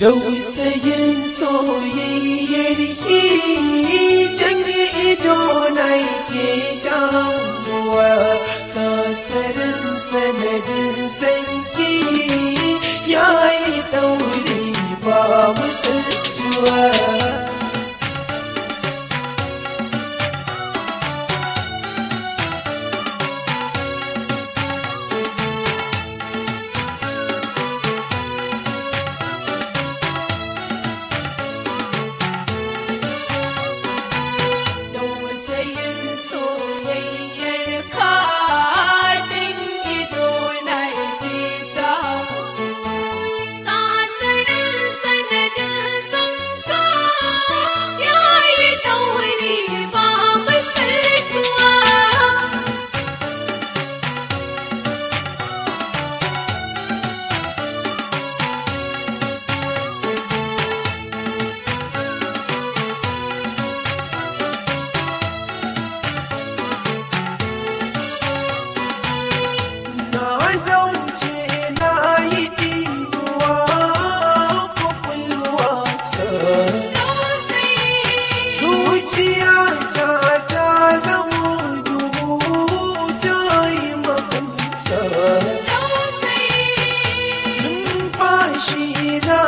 Dausayin soyayyar ki jan idona ke damuwa sasarin sanadin Love.